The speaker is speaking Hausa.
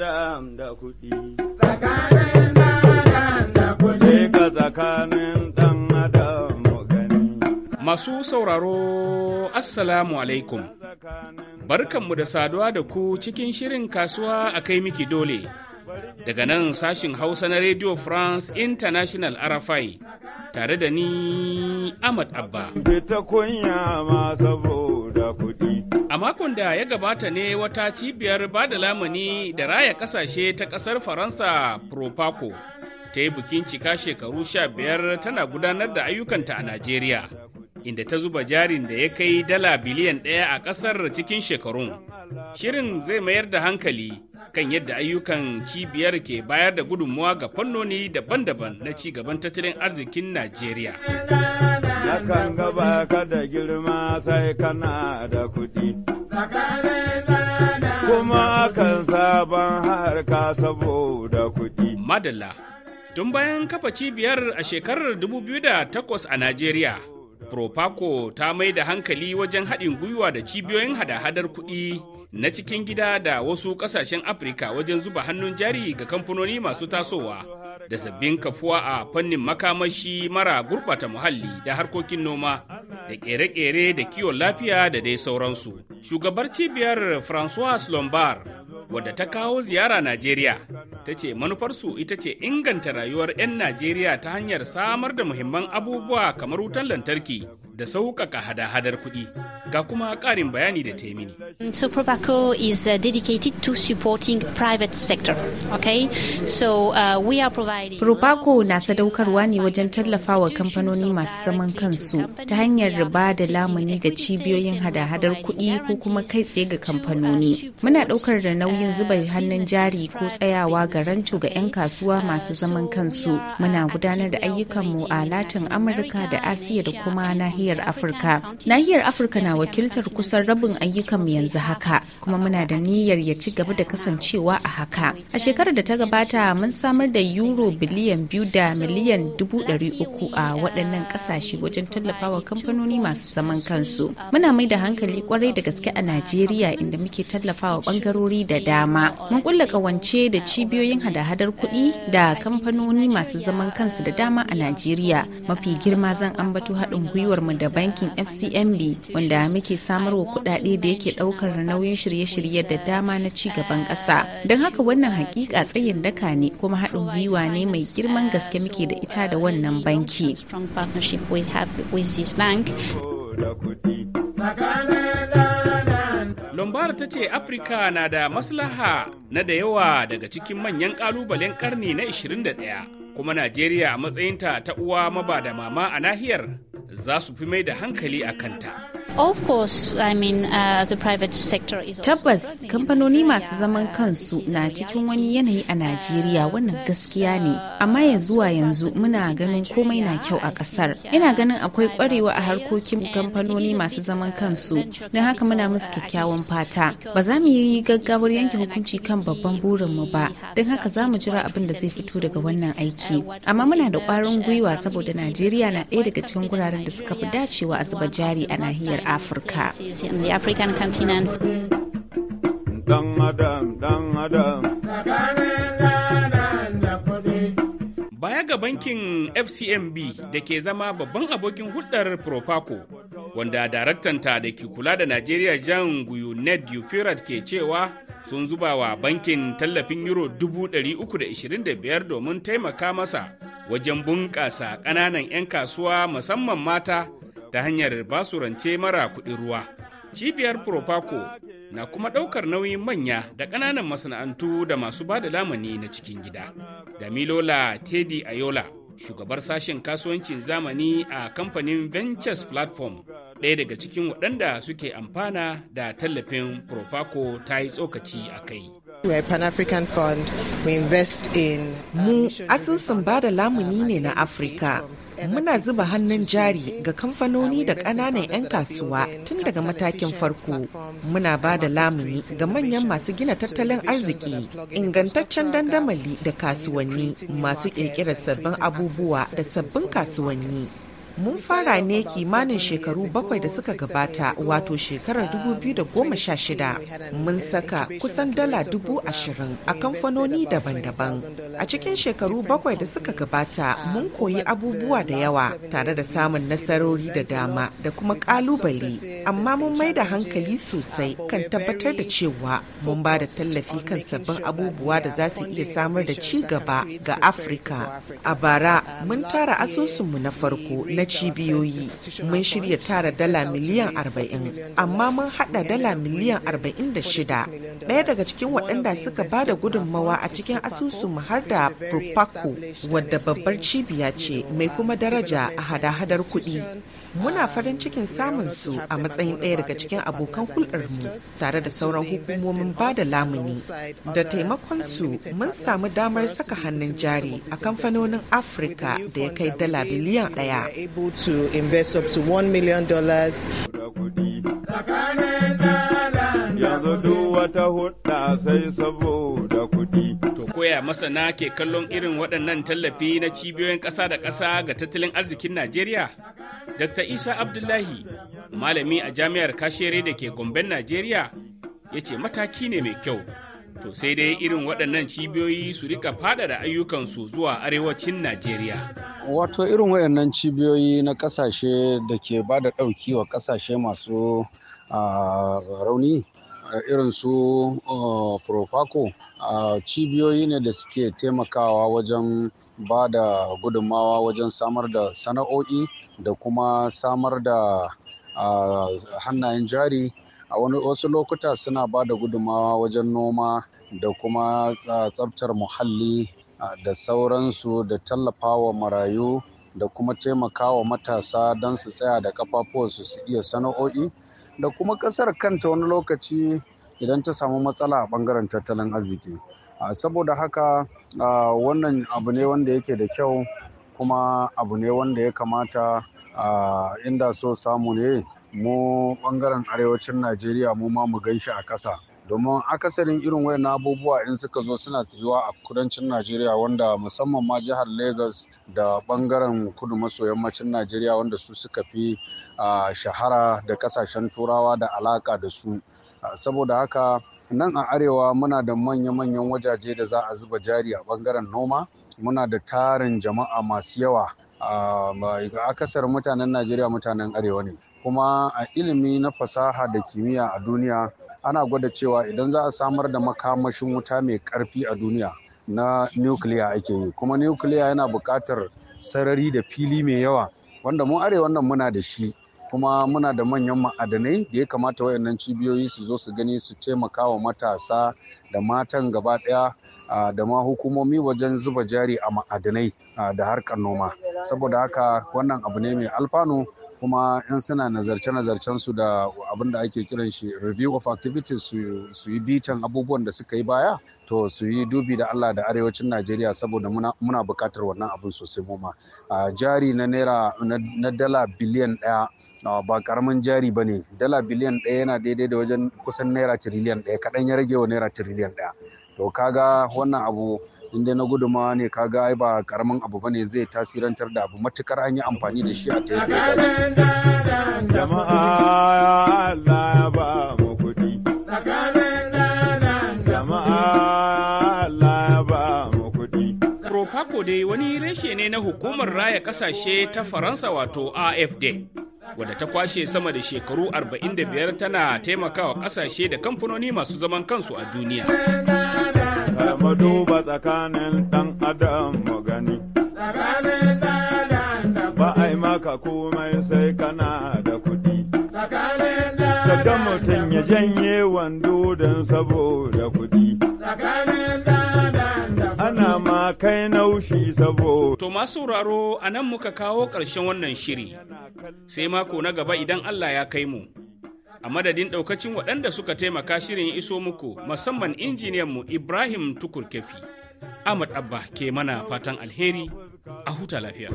da Masu sauraro, Assalamu alaikum. Barkanmu da saduwa da ku cikin shirin kasuwa a kai miki dole. Daga nan sashin Hausa na Radio France International RFI tare da ni Ahmad Abba. Fita kunya ma saboda kuɗi. A makon da ya gabata ne wata cibiyar ba da lamuni da raya kasashe ta kasar Faransa Propaco ta yi bikin cika shekaru sha biyar tana gudanar da ayyukanta a Najeriya, inda ta zuba jarin da ya kai dala biliyan ɗaya a ƙasar cikin shekarun. Shirin zai mayar da hankali kan yadda ayyukan cibiyar ke bayar da gudunmuwa ga fannoni daban-daban na ci gaban tattalin arzikin Najeriya. akan gaba da girma sai kana da kuɗi. Kuma akan sabon harka saboda kuɗi. Madalla, tun bayan kafa cibiyar a shekarar 2008 a Najeriya, Propaco ta mai da hankali wajen haɗin gwiwa da cibiyoyin hada-hadar kuɗi na cikin gida da wasu ƙasashen Afirka wajen zuba hannun jari ga kamfanoni masu tasowa. da sabbin kafuwa a fannin makamashi mara gurɓata muhalli da harkokin noma da ƙere-ƙere da kiwon lafiya da dai sauransu. Shugabar cibiyar Francois Lombard wadda ta kawo ziyara Najeriya ta ce manufarsu ita ce inganta rayuwar 'yan Najeriya ta hanyar samar da muhimman abubuwa kamar wutar lantarki da sauƙaƙa hada-hadar kuɗi. ga kuma karin bayani da taimini. yi is uh, dedicated to supporting private sector. Okay? So uh, we are providing na sadaukarwa ne wajen tallafawa kamfanoni masu zaman kansu ta hanyar riba da lamuni ga cibiyoyin hada-hadar kuɗi ko kuma kai tsaye ga kamfanoni. Muna ɗaukar da nauyin zuba hannun jari ko tsayawa ga rancu ga 'yan kasuwa masu zaman kansu. Muna gudanar da ayyukanmu a Latin Amurka da Asiya da kuma nahiyar Afirka. Nahiyar Afirka na wakiltar kusan rabin ayyukan mu yanzu haka kuma muna da niyyar ya ci gaba da kasancewa a haka a shekarar da ta gabata mun samar da euro biliyan biyu da miliyan dubu ɗari uku a waɗannan ƙasashe wajen tallafawa kamfanoni masu zaman kansu muna mai da hankali kwarai da gaske a najeriya inda muke tallafawa ɓangarori da dama mun kulla ƙawance da cibiyoyin hada-hadar kuɗi da kamfanoni masu zaman kansu da dama a najeriya mafi girma zan ambato haɗin gwiwar mu da bankin fcmb wanda muke samarwa kudade da yake ɗaukar nauyin shirye-shirye da dama na ci gaban kasa Don haka wannan hakika tsayin daka ne kuma haɗin gwiwa ne mai girman gaske muke da ita da wannan banki. Lombard ta ce Afirka na da maslaha na da yawa daga cikin manyan kalubalen karni na 21 kuma Najeriya a matsayinta ta uwa maba da mama a nahiyar za su fi mai da hankali a kanta. Uh, Tabbas kamfanoni masu zaman uh, kansu na cikin wani yanayi a Najeriya um, wannan gaskiya ne, uh, amma ya zuwa yanzu muna ganin komai na kyau a ƙasar. Ina ganin akwai ƙwarewa a harkokin kamfanoni masu zaman kansu, don haka muna musu kyakkyawan fata. Ba za mu yi gaggawar yanke hukunci kan babban burinmu ba, don haka za mu jira abin da zai fito daga wannan aiki. Amma muna da ƙwarin gwiwa saboda Najeriya na ɗaya daga cikin wuraren da suka fi dacewa a zuba jari a nahiyar Baya ga bankin FCMB da ke zama babban abokin hulɗar Profaco, wanda daraktanta da ke kula da Najeriya Jan Ned Dupirat ke cewa sun zuba wa bankin tallafin euro 325 domin taimaka masa wajen bunƙasa ƙananan 'yan kasuwa musamman mata ta hanyar basu rance mara kuɗin ruwa. Cibiyar Propaco na kuma ɗaukar nauyin manya da ƙananan masana'antu da masu ba da lamani na cikin gida. Damilola Teddy Ayola, shugabar sashen kasuwancin zamani a kamfanin Ventures Platform, ɗaya daga cikin waɗanda suke amfana da tallafin Propaco ta yi tsokaci a kai. Mu asusun ba da lamuni ne na Afirka. muna zuba hannun jari ga kamfanoni da ƙananan 'yan kasuwa tun daga matakin farko. Muna ba da lamuni ga manyan masu gina tattalin arziki, ingantaccen dandamali da kasuwanni masu ƙirƙirar sabbin abubuwa da sabbin kasuwanni. mun fara ne kimanin shekaru bakwai da suka gabata wato shekarar 2016 mun saka kusan dala dubu ashirin a kamfanoni daban-daban a cikin shekaru bakwai da suka gabata mun koyi abubuwa da yawa tare da samun nasarori da dama da kuma kalubale amma mun mai da hankali sosai kan tabbatar da cewa mun ba da tallafi kan sabbin abubuwa da za su iya samar da ci gaba ga afirka a bara mun tara asusunmu na farko na cibiyoyi mun shirya tara dala miliyan 40 amma mun hada dala miliyan 46 daya daga cikin waɗanda suka ba da gudunmawa a cikin asusun har da Propaco wadda babbar cibiya ce mai kuma daraja a hada-hadar kuɗi. Muna farin cikin samun su a matsayin ɗaya daga cikin abokan hulɗarmu tare da sauran hukumomin ba da lamuni. Da taimakon su mun samu damar saka hannun jari a kamfanonin Afirka da ya kai dala biliyan ɗaya. able to invest up to $1 million. koya masana ke kallon irin waɗannan tallafi na cibiyoyin ƙasa da ƙasa ga tattalin arzikin Najeriya? Dr. Isa Abdullahi, malami a jami'ar kashere da ke Gomben Najeriya, ya ce mataki ne mai kyau. to sai dai irin waɗannan cibiyoyi su rika faɗaɗa ayyukansu zuwa arewacin Najeriya. Wato irin waɗannan cibiyoyi na ƙasashe da ke ba da ɗauki wa ƙasashe masu rauni irin su Profaco cibiyoyi ne da suke taimakawa wajen ba da gudummawa wajen samar da sana'o'i da kuma samar da hannayen jari a wasu lokuta suna ba da gudummawa wajen noma da kuma tsaftar muhalli da sauransu da tallafawa marayu da kuma taimakawa matasa don su tsaya da kafafuwansu su iya sana'o'i da kuma ƙasar kanta wani lokaci idan ta samu matsala a bangaren tattalin arziki saboda haka wannan abu ne wanda yake da kyau kuma abu ne wanda ya kamata inda so samu ne mu ɓangaren arewacin najeriya mu ma mu gan shi a ƙasa domin akasarin irin wayan abubuwa in suka zo suna tsayuwa a kudancin najeriya wanda musamman ma jihar lagos da bangaren kudu maso yammacin najeriya wanda su suka fi shahara da kasashen turawa da alaka da su saboda haka nan a arewa muna da manya-manyan wajaje da za a zuba jari a bangaren noma muna da tarin jama'a masu yawa a akasar mutanen najeriya mutanen arewa ne kuma a ilimi na fasaha da kimiyya a duniya ana gwada cewa idan za a samar da makamashin wuta mai karfi a duniya na nukiliya ake yi kuma nukiliya yana buƙatar sarari da fili mai yawa wanda mu arewa nan muna da shi kuma muna da manyan ma'adanai da ya kamata wayannan cibiyoyi su zo su gani su taimaka wa matasa da matan gaba ɗaya da ma hukumomi wajen zuba jari a ma'adanai da harkar noma saboda haka wannan abu ne mai alfanu kuma yan suna nazarce-nazarcen su da abin da ake kiran shi review of activities su yi bitan abubuwan da suka yi baya to su yi dubi da Allah da arewacin Najeriya saboda muna bukatar wannan abin sosai goma jari na naira na dala biliyan ɗaya ba karamin jari ba ne dala biliyan ɗaya yana daidai da wajen kusan naira tiriliyan ɗaya kaɗan ya rage wa naira tiriliyan ɗaya to kaga wannan abu in dai na guduma ne ka ga ba karamin abu ba ne zai tasirantar da abu matukar an yi amfani da shi a ta Propaco dai wani reshe ne na hukumar raya ƙasashe ta Faransa wato AFD. wadda ta kwashe sama da shekaru 45 tana taimakawa kasashe da kamfanoni masu zaman kansu a duniya. mu duba tsakanin ɗan adam mu gani. Ba a yi maka komai sai kana da kuɗi. Tsakanin mutum ya janye wando don saboda kuɗi. Ana ma kai naushi saboda. To masu sauraro a nan muka kawo ƙarshen wannan shiri. Sai mako na gaba idan Allah ya kai mu. a madadin daukacin waɗanda suka taimaka shirin iso muku musamman mu ibrahim tukur kefi ahmad abba ke mana fatan alheri a huta lafiya